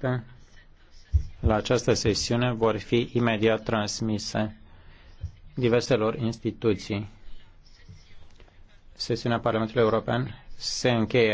Da. la această sesiune vor fi imediat transmise diverselor instituții. Sesiunea Parlamentului European se încheie